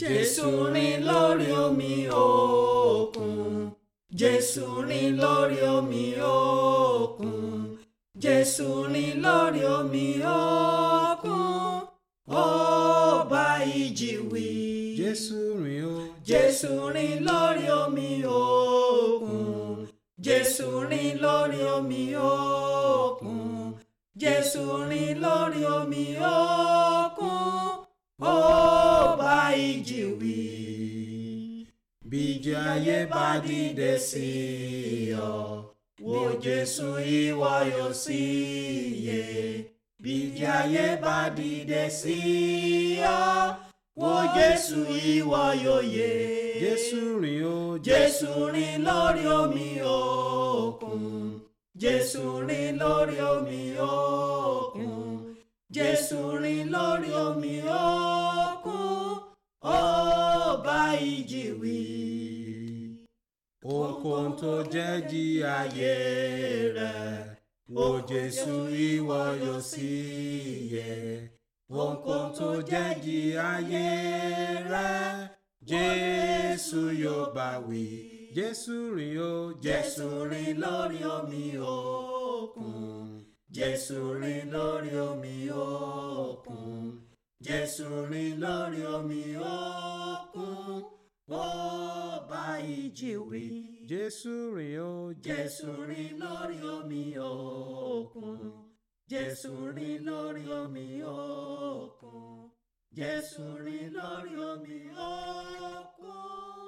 Jésù rìn lórí omi òkun. Jésù rìn lórí omi òkun. Jésù rìn lórí omi òkun. Ó bá ìjì wí. Jésù rìn o. Jésù rìn lórí omi òkun. Jésù rìn lórí omi òkun. Jésù rìn lórí omi òkun. Ó méjì wí. Bíjì ayé bá dìde sí ọ, wo Jésù ìwọ yóò sí iye. Bíjì ayé bá dìde sí ọ, wo Jésù ìwọ yóò yè. Jésù rìn o, Jésù rìn lórí omi òkun. Jésù rìn lórí omi òkun. Jésù rìn lórí omi òkun ó bá ìjì wí. Okun tó jẹ́ jí ayé rẹ̀, wo Jésù ìwọ yóò sì yẹ. Okun tó jẹ́ jí ayé rẹ̀, Jésù yóò bá wí. Jésù rí o, Jésù rí lórí omi òkun. Jésù rí lórí omi òkun jésù rìn lórí omi òkun bó bá ìjì wí. jésù rìn ó jésù rìn lórí omi òkun jésù rìn lórí omi òkun jésù rìn lórí omi òkun.